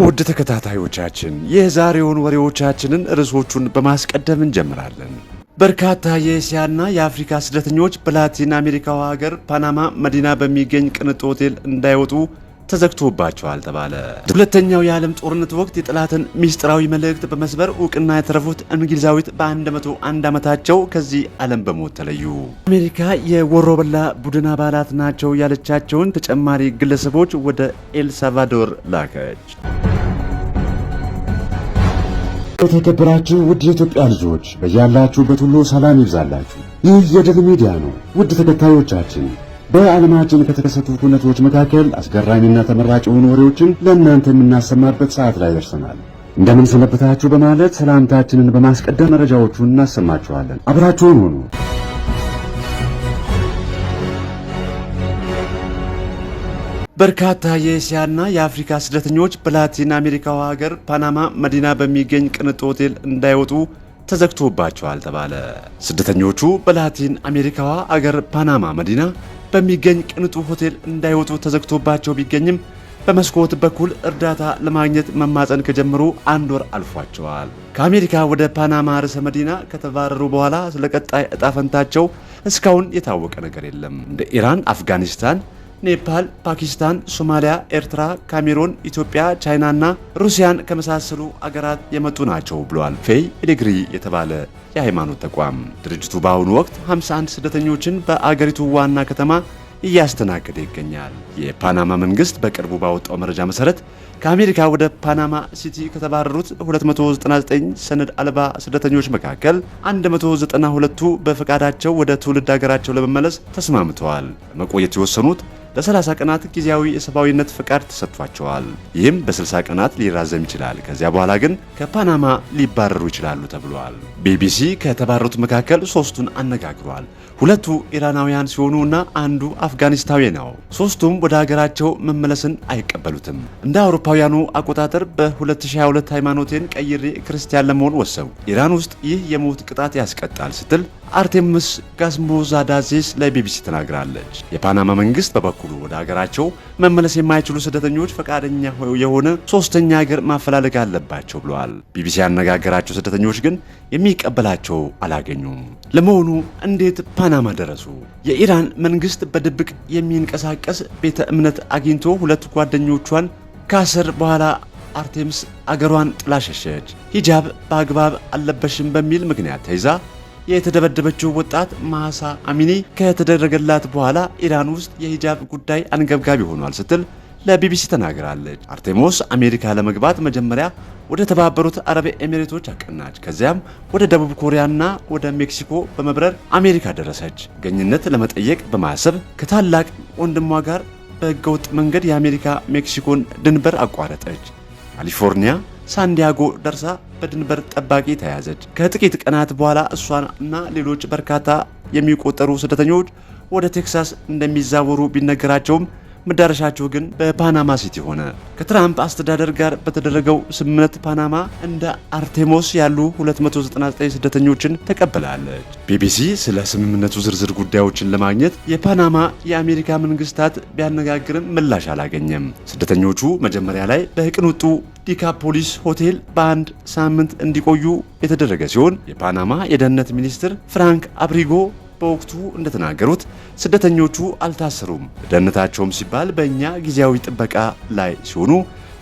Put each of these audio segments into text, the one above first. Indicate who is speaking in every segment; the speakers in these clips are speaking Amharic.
Speaker 1: ውድ ተከታታዮቻችን የዛሬውን ወሬዎቻችንን ርዕሶቹን በማስቀደም እንጀምራለን። በርካታ የእስያና የአፍሪካ ስደተኞች በላቲን አሜሪካው ሀገር ፓናማ መዲና በሚገኝ ቅንጡ ሆቴል እንዳይወጡ ተዘግቶባቸዋል ተባለ። ሁለተኛው የዓለም ጦርነት ወቅት የጠላትን ሚስጥራዊ መልእክት በመስበር እውቅና የተረፉት እንግሊዛዊት በ101 ዓመታቸው ከዚህ ዓለም በሞት ተለዩ። አሜሪካ የወሮበላ ቡድን አባላት ናቸው ያለቻቸውን ተጨማሪ ግለሰቦች ወደ ኤልሳልቫዶር ላከች። የተከበራችሁ ውድ የኢትዮጵያ ልጆች በያላችሁበት ሁሉ ሰላም ይብዛላችሁ። ይህ የድል ሚዲያ ነው። ውድ ተከታዮቻችን በዓለማችን ከተከሰቱ ሁነቶች መካከል አስገራሚና ተመራጭ የሆኑ ወሬዎችን ለእናንተ የምናሰማበት ሰዓት ላይ ደርሰናል። እንደምን ሰነበታችሁ በማለት ሰላምታችንን በማስቀደም መረጃዎቹን እናሰማችኋለን። አብራችሁን ሆኑ። በርካታ የእስያና የአፍሪካ ስደተኞች በላቲን አሜሪካው ሀገር ፓናማ መዲና በሚገኝ ቅንጡ ሆቴል እንዳይወጡ ተዘግቶባቸዋል ተባለ። ስደተኞቹ በላቲን አሜሪካዋ አገር ፓናማ መዲና በሚገኝ ቅንጡ ሆቴል እንዳይወጡ ተዘግቶባቸው ቢገኝም በመስኮት በኩል እርዳታ ለማግኘት መማፀን ከጀመሩ አንድ ወር አልፏቸዋል። ከአሜሪካ ወደ ፓናማ ርዕሰ መዲና ከተባረሩ በኋላ ስለ ቀጣይ እጣፈንታቸው እስካሁን የታወቀ ነገር የለም። እንደ ኢራን፣ አፍጋኒስታን ኔፓል፣ ፓኪስታን፣ ሶማሊያ፣ ኤርትራ፣ ካሜሮን፣ ኢትዮጵያ፣ ቻይናና ሩሲያን ከመሳሰሉ አገራት የመጡ ናቸው ብለዋል። ፌይ ዲግሪ የተባለ የሃይማኖት ተቋም። ድርጅቱ በአሁኑ ወቅት 51 ስደተኞችን በአገሪቱ ዋና ከተማ እያስተናገደ ይገኛል። የፓናማ መንግስት በቅርቡ ባወጣው መረጃ መሰረት ከአሜሪካ ወደ ፓናማ ሲቲ ከተባረሩት 299 ሰነድ አልባ ስደተኞች መካከል 192ቱ በፈቃዳቸው ወደ ትውልድ ሀገራቸው ለመመለስ ተስማምተዋል። ለመቆየት የወሰኑት ለ30 ቀናት ጊዜያዊ የሰብአዊነት ፍቃድ ተሰጥቷቸዋል። ይህም በ60 ቀናት ሊራዘም ይችላል። ከዚያ በኋላ ግን ከፓናማ ሊባረሩ ይችላሉ ተብሏል። ቢቢሲ ከተባረሩት መካከል ሶስቱን አነጋግሯል። ሁለቱ ኢራናውያን ሲሆኑ እና አንዱ አፍጋኒስታዊ ነው። ሶስቱም ወደ ሀገራቸው መመለስን አይቀበሉትም። እንደ አውሮፓውያኑ አቆጣጠር በ2022 ሃይማኖቴን ቀይሬ ክርስቲያን ለመሆን ወሰው ኢራን ውስጥ ይህ የሞት ቅጣት ያስቀጣል ስትል አርቴምስ ጋስሙዛዳዜስ ለቢቢሲ ተናግራለች። የፓናማ መንግስት በበኩሉ ወደ ሀገራቸው መመለስ የማይችሉ ስደተኞች ፈቃደኛ የሆነ ሶስተኛ ሀገር ማፈላለግ አለባቸው ብለዋል። ቢቢሲ ያነጋገራቸው ስደተኞች ግን የሚቀበላቸው አላገኙም። ለመሆኑ እንዴት ፓናማ ደረሱ? የኢራን መንግስት በድብቅ የሚንቀሳቀስ ቤተ እምነት አግኝቶ ሁለት ጓደኞቿን ካሰር በኋላ አርቴምስ አገሯን ጥላ ሸሸች። ሂጃብ በአግባብ አለበሽም በሚል ምክንያት ተይዛ የተደበደበችው ወጣት ማሳ አሚኒ ከተደረገላት በኋላ ኢራን ውስጥ የሂጃብ ጉዳይ አንገብጋቢ ሆኗል ስትል ለቢቢሲ ተናግራለች። አርቴሞስ አሜሪካ ለመግባት መጀመሪያ ወደ ተባበሩት አረብ ኤሚሬቶች አቀናች። ከዚያም ወደ ደቡብ ኮሪያና ወደ ሜክሲኮ በመብረር አሜሪካ ደረሰች። ገኝነት ለመጠየቅ በማሰብ ከታላቅ ወንድሟ ጋር በህገወጥ መንገድ የአሜሪካ ሜክሲኮን ድንበር አቋረጠች። ካሊፎርኒያ ሳንዲያጎ ደርሳ በድንበር ጠባቂ ተያዘች። ከጥቂት ቀናት በኋላ እሷን እና ሌሎች በርካታ የሚቆጠሩ ስደተኞች ወደ ቴክሳስ እንደሚዛወሩ ቢነገራቸውም መዳረሻቸው ግን በፓናማ ሲቲ ሆነ። ከትራምፕ አስተዳደር ጋር በተደረገው ስምምነት ፓናማ እንደ አርቴሞስ ያሉ 299 ስደተኞችን ተቀብላለች። ቢቢሲ ስለ ስምምነቱ ዝርዝር ጉዳዮችን ለማግኘት የፓናማ የአሜሪካ መንግስታት ቢያነጋግርም ምላሽ አላገኘም። ስደተኞቹ መጀመሪያ ላይ በቅንጡ ዲካፖሊስ ሆቴል በአንድ ሳምንት እንዲቆዩ የተደረገ ሲሆን የፓናማ የደህንነት ሚኒስትር ፍራንክ አብሪጎ በወቅቱ እንደተናገሩት ስደተኞቹ አልታሰሩም፣ ደህንነታቸውም ሲባል በእኛ ጊዜያዊ ጥበቃ ላይ ሲሆኑ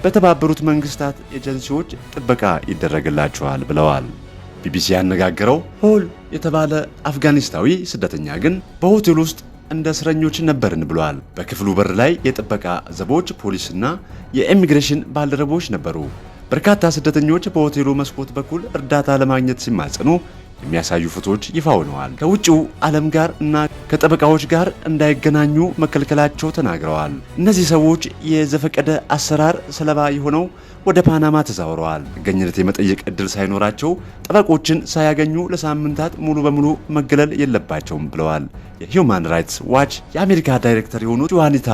Speaker 1: በተባበሩት መንግስታት ኤጀንሲዎች ጥበቃ ይደረግላቸዋል ብለዋል። ቢቢሲ ያነጋገረው ሆል የተባለ አፍጋኒስታዊ ስደተኛ ግን በሆቴል ውስጥ እንደ እስረኞች ነበርን ብለዋል። በክፍሉ በር ላይ የጥበቃ ዘቦች፣ ፖሊስና የኢሚግሬሽን ባልደረቦች ነበሩ። በርካታ ስደተኞች በሆቴሉ መስኮት በኩል እርዳታ ለማግኘት ሲማጸኑ የሚያሳዩ ፎቶዎች ይፋ ሆነዋል። ከውጭው ዓለም ጋር እና ከጠበቃዎች ጋር እንዳይገናኙ መከልከላቸው ተናግረዋል። እነዚህ ሰዎች የዘፈቀደ አሰራር ሰለባ የሆነው ወደ ፓናማ ተዛውረዋል። ጥገኝነት የመጠየቅ እድል ሳይኖራቸው ጠበቆችን ሳያገኙ ለሳምንታት ሙሉ በሙሉ መገለል የለባቸውም ብለዋል። የሂውማን ራይትስ ዋች የአሜሪካ ዳይሬክተር የሆኑት ጆሃኒታ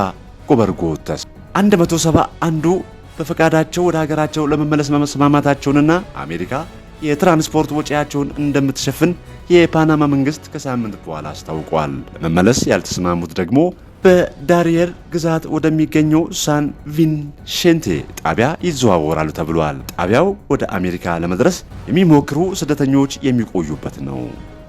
Speaker 1: ጎበርጎተስ 171 አንዱ በፈቃዳቸው ወደ ሀገራቸው ለመመለስ መስማማታቸውንና አሜሪካ የትራንስፖርት ወጪያቸውን እንደምትሸፍን የፓናማ መንግስት ከሳምንት በኋላ አስታውቋል። ለመመለስ ያልተስማሙት ደግሞ በዳሪየር ግዛት ወደሚገኘው ሳን ቪንሼንቴ ጣቢያ ይዘዋወራሉ ተብሏል። ጣቢያው ወደ አሜሪካ ለመድረስ የሚሞክሩ ስደተኞች የሚቆዩበት ነው።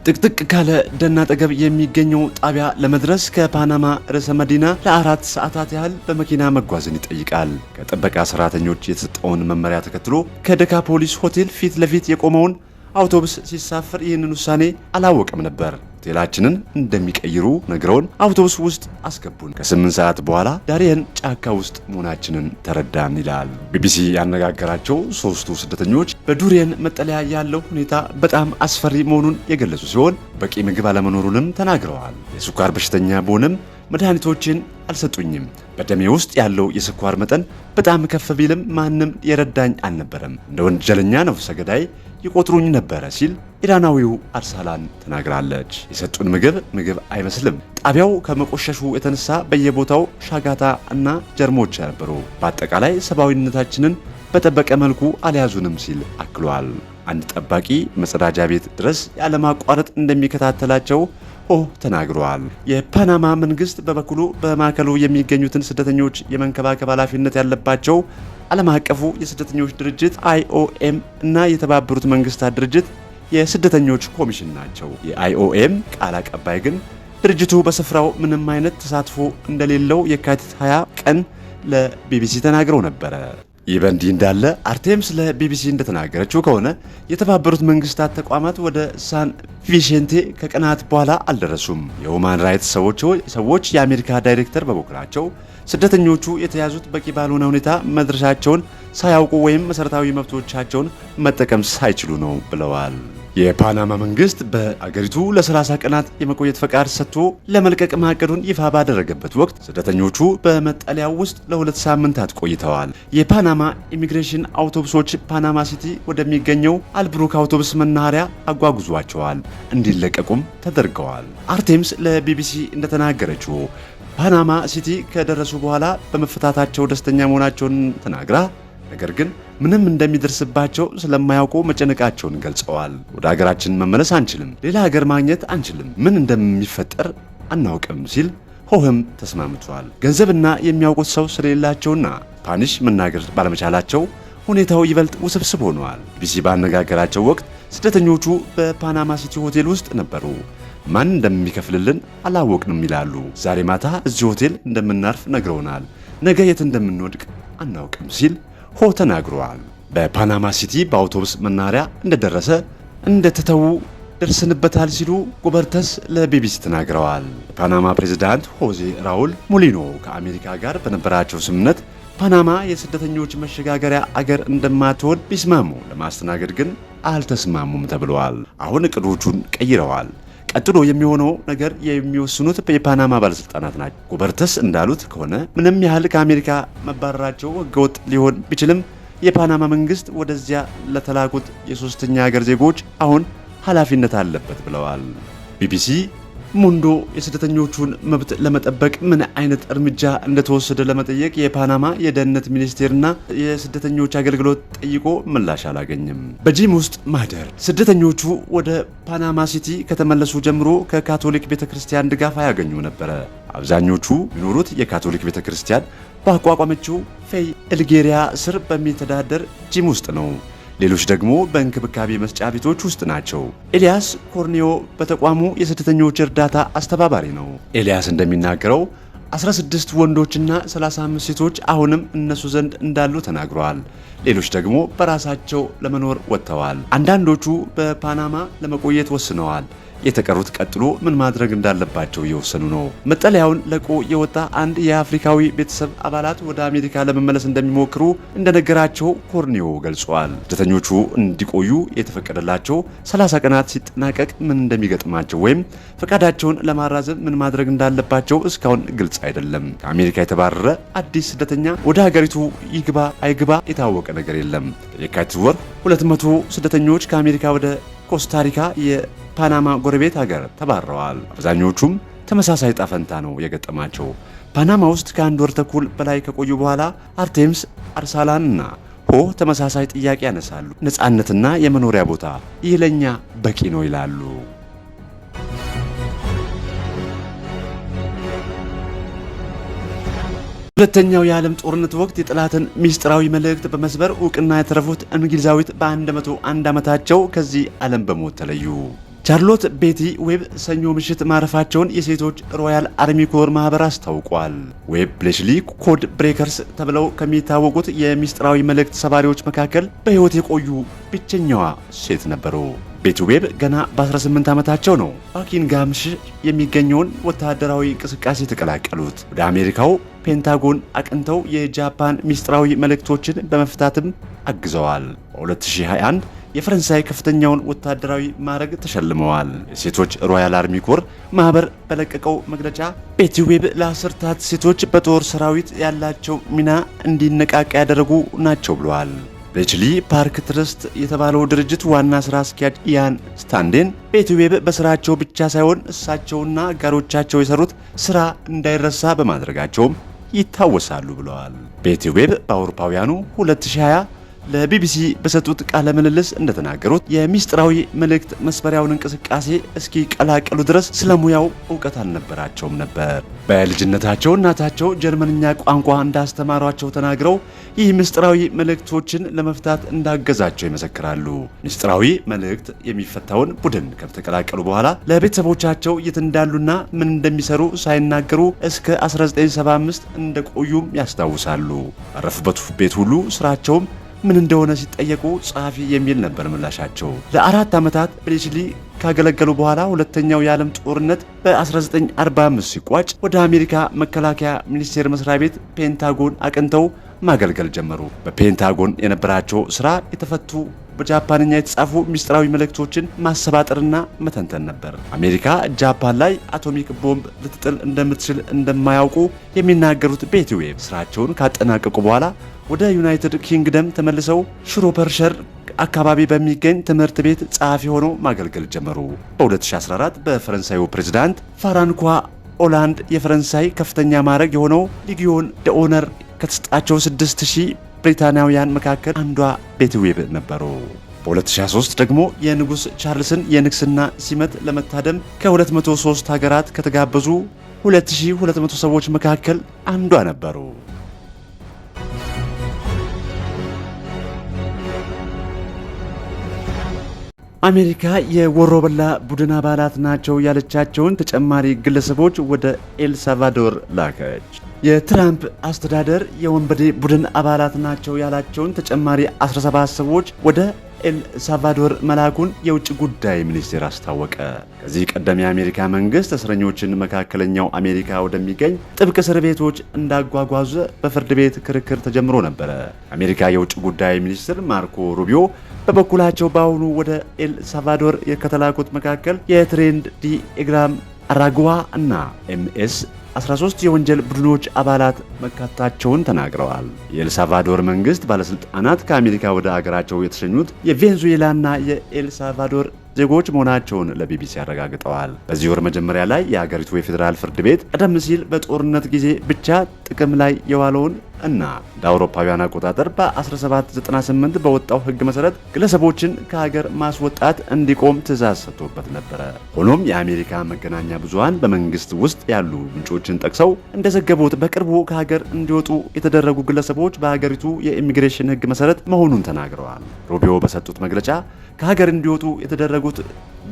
Speaker 1: ጥቅጥቅ ካለ ደን አጠገብ የሚገኘው ጣቢያ ለመድረስ ከፓናማ ርዕሰ መዲና ለአራት ሰዓታት ያህል በመኪና መጓዝን ይጠይቃል። ከጥበቃ ሰራተኞች የተሰጠውን መመሪያ ተከትሎ ከደካ ፖሊስ ሆቴል ፊት ለፊት የቆመውን አውቶቡስ ሲሳፈር ይህንን ውሳኔ አላወቀም ነበር። ሆቴላችንን እንደሚቀይሩ ነግረውን አውቶቡስ ውስጥ አስገቡን። ከስምንት ሰዓት በኋላ ዳርየን ጫካ ውስጥ መሆናችንን ተረዳን ይላል። ቢቢሲ ያነጋገራቸው ሶስቱ ስደተኞች በዱርየን መጠለያ ያለው ሁኔታ በጣም አስፈሪ መሆኑን የገለጹ ሲሆን በቂ ምግብ አለመኖሩንም ተናግረዋል። የስኳር በሽተኛ ብሆንም መድኃኒቶችን አልሰጡኝም። በደሜ ውስጥ ያለው የስኳር መጠን በጣም ከፍ ቢልም ማንም የረዳኝ አልነበረም። እንደ ወንጀለኛ ነፍሰ ገዳይ ይቆጥሩኝ ነበረ ሲል ኢራናዊው አርሳላን ተናግራለች። የሰጡን ምግብ ምግብ አይመስልም። ጣቢያው ከመቆሸሹ የተነሳ በየቦታው ሻጋታ እና ጀርሞች ነበሩ። በአጠቃላይ ሰብአዊነታችንን በጠበቀ መልኩ አልያዙንም ሲል አክሏል። አንድ ጠባቂ መጸዳጃ ቤት ድረስ ያለማቋረጥ እንደሚከታተላቸው ኦህ ተናግረዋል። የፓናማ መንግስት በበኩሉ በማዕከሉ የሚገኙትን ስደተኞች የመንከባከብ ኃላፊነት ያለባቸው ዓለም አቀፉ የስደተኞች ድርጅት አይኦኤም እና የተባበሩት መንግስታት ድርጅት የስደተኞች ኮሚሽን ናቸው። የአይኦኤም ቃል አቀባይ ግን ድርጅቱ በስፍራው ምንም አይነት ተሳትፎ እንደሌለው የካቲት 20 ቀን ለቢቢሲ ተናግረው ነበረ። ይህ በእንዲህ እንዳለ አርቴምስ ለቢቢሲ እንደተናገረችው ከሆነ የተባበሩት መንግስታት ተቋማት ወደ ሳን ቪሴንቴ ከቀናት በኋላ አልደረሱም። የሁማን ራይትስ ሰዎች የአሜሪካ ዳይሬክተር በበኩላቸው ስደተኞቹ የተያዙት በቂ ባልሆነ ሁኔታ መድረሻቸውን ሳያውቁ ወይም መሠረታዊ መብቶቻቸውን መጠቀም ሳይችሉ ነው ብለዋል። የፓናማ መንግስት በአገሪቱ ለ30 ቀናት የመቆየት ፈቃድ ሰጥቶ ለመልቀቅ ማቀዱን ይፋ ባደረገበት ወቅት ስደተኞቹ በመጠለያው ውስጥ ለሁለት ሳምንታት ቆይተዋል። የፓናማ ኢሚግሬሽን አውቶቡሶች ፓናማ ሲቲ ወደሚገኘው አልብሩክ አውቶቡስ መናኸሪያ አጓጉዟቸዋል፣ እንዲለቀቁም ተደርገዋል። አርቴምስ ለቢቢሲ እንደተናገረችው ፓናማ ሲቲ ከደረሱ በኋላ በመፈታታቸው ደስተኛ መሆናቸውን ተናግራ ነገር ግን ምንም እንደሚደርስባቸው ስለማያውቁ መጨነቃቸውን ገልጸዋል። ወደ ሀገራችን መመለስ አንችልም፣ ሌላ ሀገር ማግኘት አንችልም፣ ምን እንደሚፈጠር አናውቅም ሲል ሆህም ተስማምቷል። ገንዘብና የሚያውቁት ሰው ስለሌላቸውና ፓኒሽ መናገር ባለመቻላቸው ሁኔታው ይበልጥ ውስብስብ ሆኗል። ቢቢሲ ባነጋገራቸው ወቅት ስደተኞቹ በፓናማ ሲቲ ሆቴል ውስጥ ነበሩ። ማን እንደሚከፍልልን አላወቅንም ይላሉ። ዛሬ ማታ እዚህ ሆቴል እንደምናርፍ ነግረውናል። ነገ የት እንደምንወድቅ አናውቅም ሲል ሆ ተናግሯል። በፓናማ ሲቲ በአውቶቡስ መናኸሪያ እንደደረሰ እንደተተዉ ደርስንበታል ሲሉ ጉበርተስ ለቢቢሲ ተናግረዋል። የፓናማ ፕሬዝዳንት ሆዜ ራውል ሙሊኖ ከአሜሪካ ጋር በነበራቸው ስምምነት ፓናማ የስደተኞች መሸጋገሪያ አገር እንደማትሆን ቢስማሙ ለማስተናገድ ግን አልተስማሙም ተብለዋል። አሁን እቅዶቹን ቀይረዋል። ቀጥሎ የሚሆነው ነገር የሚወስኑት የፓናማ ባለስልጣናት ናቸው። ጉበርተስ እንዳሉት ከሆነ ምንም ያህል ከአሜሪካ መባረራቸው ህገወጥ ሊሆን ቢችልም የፓናማ መንግስት ወደዚያ ለተላኩት የሶስተኛ ሀገር ዜጎች አሁን ኃላፊነት አለበት ብለዋል ቢቢሲ ሙንዶ የስደተኞቹን መብት ለመጠበቅ ምን አይነት እርምጃ እንደተወሰደ ለመጠየቅ የፓናማ የደህንነት ሚኒስቴርና የስደተኞች አገልግሎት ጠይቆ ምላሽ አላገኝም። በጂም ውስጥ ማደር ስደተኞቹ ወደ ፓናማ ሲቲ ከተመለሱ ጀምሮ ከካቶሊክ ቤተ ክርስቲያን ድጋፍ አያገኙ ነበረ። አብዛኞቹ የሚኖሩት የካቶሊክ ቤተ ክርስቲያን በአቋቋመችው ፌይ እልጌሪያ ስር በሚተዳደር ጂም ውስጥ ነው። ሌሎች ደግሞ በእንክብካቤ መስጫ ቤቶች ውስጥ ናቸው። ኤልያስ ኮርኔዮ በተቋሙ የስደተኞች እርዳታ አስተባባሪ ነው። ኤልያስ እንደሚናገረው 16 ወንዶችና 35 ሴቶች አሁንም እነሱ ዘንድ እንዳሉ ተናግረዋል። ሌሎች ደግሞ በራሳቸው ለመኖር ወጥተዋል። አንዳንዶቹ በፓናማ ለመቆየት ወስነዋል። የተቀሩት ቀጥሎ ምን ማድረግ እንዳለባቸው እየወሰኑ ነው። መጠለያውን ለቆ የወጣ አንድ የአፍሪካዊ ቤተሰብ አባላት ወደ አሜሪካ ለመመለስ እንደሚሞክሩ እንደነገራቸው ኮርኒዮ ገልጿል። ስደተኞቹ እንዲቆዩ የተፈቀደላቸው 30 ቀናት ሲጠናቀቅ ምን እንደሚገጥማቸው ወይም ፈቃዳቸውን ለማራዘም ምን ማድረግ እንዳለባቸው እስካሁን ግልጽ አይደለም። ከአሜሪካ የተባረረ አዲስ ስደተኛ ወደ ሀገሪቱ ይግባ አይግባ የታወቀ ነገር የለም። የካቲት ወር 200 ስደተኞች ከአሜሪካ ወደ ኮስታሪካ ፓናማ ጎረቤት ሀገር ተባረዋል። አብዛኞቹም ተመሳሳይ ጣፈንታ ነው የገጠማቸው። ፓናማ ውስጥ ከአንድ ወር ተኩል በላይ ከቆዩ በኋላ አርቴምስ አርሳላንና ሆ ተመሳሳይ ጥያቄ ያነሳሉ። ነፃነትና የመኖሪያ ቦታ ይህ ለእኛ በቂ ነው ይላሉ። ሁለተኛው የዓለም ጦርነት ወቅት የጠላትን ሚስጥራዊ መልእክት በመስበር እውቅና የተረፉት እንግሊዛዊት በ101 ዓመታቸው ከዚህ ዓለም በሞት ተለዩ። ቻርሎት ቤቲ ዌብ ሰኞ ምሽት ማረፋቸውን የሴቶች ሮያል አርሚ ኮር ማህበር አስታውቋል። ዌብ ብሌሽሊ ኮድ ብሬከርስ ተብለው ከሚታወቁት የሚስጥራዊ መልእክት ሰባሪዎች መካከል በሕይወት የቆዩ ብቸኛዋ ሴት ነበሩ። ቤቲ ዌብ ገና በ18 ዓመታቸው ነው ባኪንግሃምሽር የሚገኘውን ወታደራዊ እንቅስቃሴ የተቀላቀሉት። ወደ አሜሪካው ፔንታጎን አቅንተው የጃፓን ሚስጥራዊ መልእክቶችን በመፍታትም አግዘዋል። በ2021 የፈረንሳይ ከፍተኛውን ወታደራዊ ማዕረግ ተሸልመዋል። የሴቶች ሮያል አርሚ ኮር ማህበር በለቀቀው መግለጫ ቤቲ ዌብ ለአስርታት ሴቶች በጦር ሰራዊት ያላቸው ሚና እንዲነቃቅ ያደረጉ ናቸው ብለዋል። ቤችሊ ፓርክ ትረስት የተባለው ድርጅት ዋና ስራ አስኪያጅ ኢያን ስታንዴን ዌብ በስራቸው ብቻ ሳይሆን እሳቸውና አጋሮቻቸው የሰሩት ስራ እንዳይረሳ በማድረጋቸውም ይታወሳሉ ብለዋል። ዌብ በአውሮፓውያኑ 2020 ለቢቢሲ በሰጡት ቃለ ምልልስ እንደተናገሩት የሚስጥራዊ መልእክት መስፈሪያውን እንቅስቃሴ እስኪቀላቀሉ ድረስ ስለሙያው እውቀት አልነበራቸውም ነበር። በልጅነታቸው እናታቸው ጀርመንኛ ቋንቋ እንዳስተማሯቸው ተናግረው ይህ ምስጢራዊ መልእክቶችን ለመፍታት እንዳገዛቸው ይመሰክራሉ። ምስጢራዊ መልእክት የሚፈታውን ቡድን ከተቀላቀሉ በኋላ ለቤተሰቦቻቸው የት እንዳሉና ምን እንደሚሰሩ ሳይናገሩ እስከ 1975 እንደቆዩም ያስታውሳሉ። አረፉበት ቤት ሁሉ ስራቸውም ምን እንደሆነ ሲጠየቁ ጸሐፊ የሚል ነበር ምላሻቸው። ለአራት ዓመታት በሊችሊ ካገለገሉ በኋላ ሁለተኛው የዓለም ጦርነት በ1945 ሲቋጭ ወደ አሜሪካ መከላከያ ሚኒስቴር መስሪያ ቤት ፔንታጎን አቅንተው ማገልገል ጀመሩ። በፔንታጎን የነበራቸው ስራ የተፈቱ በጃፓንኛ የተጻፉ ሚስጥራዊ መልእክቶችን ማሰባጠርና መተንተን ነበር። አሜሪካ ጃፓን ላይ አቶሚክ ቦምብ ልትጥል እንደምትችል እንደማያውቁ የሚናገሩት ቤትዌብ ስራቸውን ካጠናቀቁ በኋላ ወደ ዩናይትድ ኪንግደም ተመልሰው ሽሮፐርሸር አካባቢ በሚገኝ ትምህርት ቤት ጸሐፊ ሆነው ማገልገል ጀመሩ። በ2014 በፈረንሳዩ ፕሬዝዳንት ፋራንኳ ኦላንድ የፈረንሳይ ከፍተኛ ማዕረግ የሆነው ሊጊዮን ደኦነር ከተሰጣቸው 6000 ብሪታንያውያን መካከል አንዷ ቤትዌብ ነበሩ። በ2023 ደግሞ የንጉሥ ቻርልስን የንግስና ሲመት ለመታደም ከ203 ሀገራት ከተጋበዙ 2200 ሰዎች መካከል አንዷ ነበሩ። አሜሪካ የወሮበላ ቡድን አባላት ናቸው ያለቻቸውን ተጨማሪ ግለሰቦች ወደ ኤልሳልቫዶር ላከች። የትራምፕ አስተዳደር የወንበዴ ቡድን አባላት ናቸው ያላቸውን ተጨማሪ 17 ሰዎች ወደ ኤል ሳልቫዶር መላኩን የውጭ ጉዳይ ሚኒስቴር አስታወቀ። ከዚህ ቀደም የአሜሪካ መንግስት እስረኞችን መካከለኛው አሜሪካ ወደሚገኝ ጥብቅ እስር ቤቶች እንዳጓጓዘ በፍርድ ቤት ክርክር ተጀምሮ ነበረ። የአሜሪካ የውጭ ጉዳይ ሚኒስትር ማርኮ ሩቢዮ በበኩላቸው በአሁኑ ወደ ኤል ሳልቫዶር ከተላኩት መካከል የትሬንድ ዲ ኢግራም አራጓ እና ኤምኤስ 13 የወንጀል ቡድኖች አባላት መካታቸውን ተናግረዋል። የኤልሳልቫዶር መንግስት ባለስልጣናት ከአሜሪካ ወደ አገራቸው የተሸኙት የቬንዙዌላና የኤልሳልቫዶር ዜጎች መሆናቸውን ለቢቢሲ አረጋግጠዋል። በዚህ ወር መጀመሪያ ላይ የአገሪቱ የፌዴራል ፍርድ ቤት ቀደም ሲል በጦርነት ጊዜ ብቻ ጥቅም ላይ የዋለውን እና እንደ አውሮፓውያን አቆጣጠር በ1798 በወጣው ህግ መሰረት ግለሰቦችን ከሀገር ማስወጣት እንዲቆም ትእዛዝ ሰጥቶበት ነበረ። ሆኖም የአሜሪካ መገናኛ ብዙሃን በመንግስት ውስጥ ያሉ ምንጮችን ጠቅሰው እንደዘገቡት በቅርቡ ከሀገር እንዲወጡ የተደረጉ ግለሰቦች በሀገሪቱ የኢሚግሬሽን ህግ መሰረት መሆኑን ተናግረዋል። ሮቢዮ በሰጡት መግለጫ ከሀገር እንዲወጡ የተደረጉት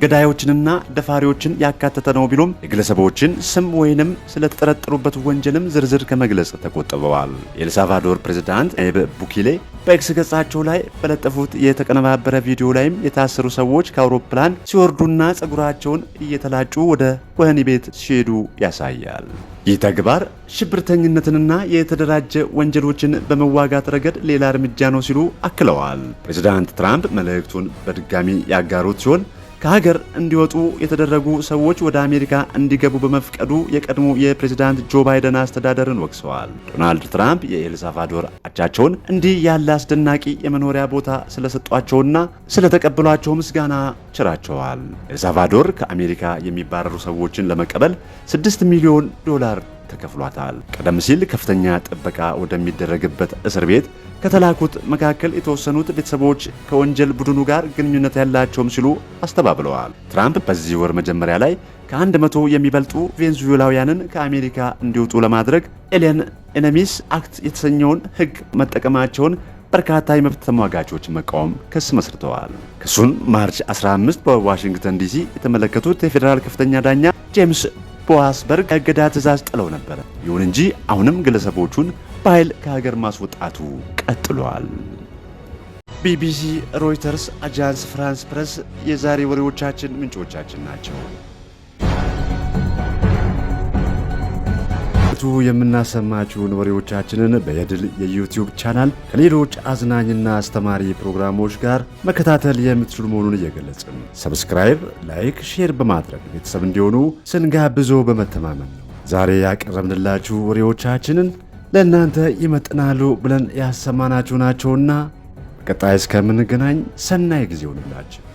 Speaker 1: ገዳዮችንና ደፋሪዎችን ያካተተ ነው ቢሉም የግለሰቦችን ስም ወይንም ስለተጠረጠሩበት ወንጀልም ዝርዝር ከመግለጽ ተቆጥበዋል። የኤልሳልቫዶር ፕሬዝዳንት ኤብ ቡኪሌ በኤክስ ገጻቸው ላይ በለጠፉት የተቀነባበረ ቪዲዮ ላይም የታሰሩ ሰዎች ከአውሮፕላን ሲወርዱና ጸጉራቸውን እየተላጩ ወደ ወህኒ ቤት ሲሄዱ ያሳያል። ይህ ተግባር ሽብርተኝነትንና የተደራጀ ወንጀሎችን በመዋጋት ረገድ ሌላ እርምጃ ነው ሲሉ አክለዋል። ፕሬዚዳንት ትራምፕ መልእክቱን በድጋሚ ያጋሩት ሲሆን ከሀገር እንዲወጡ የተደረጉ ሰዎች ወደ አሜሪካ እንዲገቡ በመፍቀዱ የቀድሞ የፕሬዚዳንት ጆ ባይደን አስተዳደርን ወቅሰዋል። ዶናልድ ትራምፕ የኤልሳልቫዶር አቻቸውን እንዲህ ያለ አስደናቂ የመኖሪያ ቦታ ስለሰጧቸውና ስለተቀበሏቸው ምስጋና ችራቸዋል። ኤልሳልቫዶር ከአሜሪካ የሚባረሩ ሰዎችን ለመቀበል 6 ሚሊዮን ዶላር ተከፍሏታል። ቀደም ሲል ከፍተኛ ጥበቃ ወደሚደረግበት እስር ቤት ከተላኩት መካከል የተወሰኑት ቤተሰቦች ከወንጀል ቡድኑ ጋር ግንኙነት ያላቸውም ሲሉ አስተባብለዋል። ትራምፕ በዚህ ወር መጀመሪያ ላይ ከአንድ መቶ የሚበልጡ ቬንዙዌላውያንን ከአሜሪካ እንዲወጡ ለማድረግ ኤሊየን ኤነሚስ አክት የተሰኘውን ሕግ መጠቀማቸውን በርካታ የመብት ተሟጋቾች መቃወም ክስ መስርተዋል። ክሱን ማርች 15 በዋሽንግተን ዲሲ የተመለከቱት የፌዴራል ከፍተኛ ዳኛ ጄምስ በዋስበርግ እገዳ ትዛዝ ጥለው ነበር ይሁን እንጂ አሁንም ግለሰቦቹን በኃይል ከሀገር ማስወጣቱ ቀጥሏል። ቢቢሲ፣ ሮይተርስ፣ አጃንስ ፍራንስ ፕረስ የዛሬ ወሬዎቻችን ምንጮቻችን ናቸው። በየዕለቱ የምናሰማችውን ወሬዎቻችንን በየድል የዩቲዩብ ቻናል ከሌሎች አዝናኝና አስተማሪ ፕሮግራሞች ጋር መከታተል የምትችሉ መሆኑን እየገለጽን ሰብስክራይብ፣ ላይክ፣ ሼር በማድረግ ቤተሰብ እንዲሆኑ ስንጋብዞ በመተማመን ነው ዛሬ ያቀረብንላችሁ ወሬዎቻችንን ለእናንተ ይመጥናሉ ብለን ያሰማናችሁ ናቸውና በቀጣይ እስከምንገናኝ ሰናይ ጊዜ ሆንላችሁ።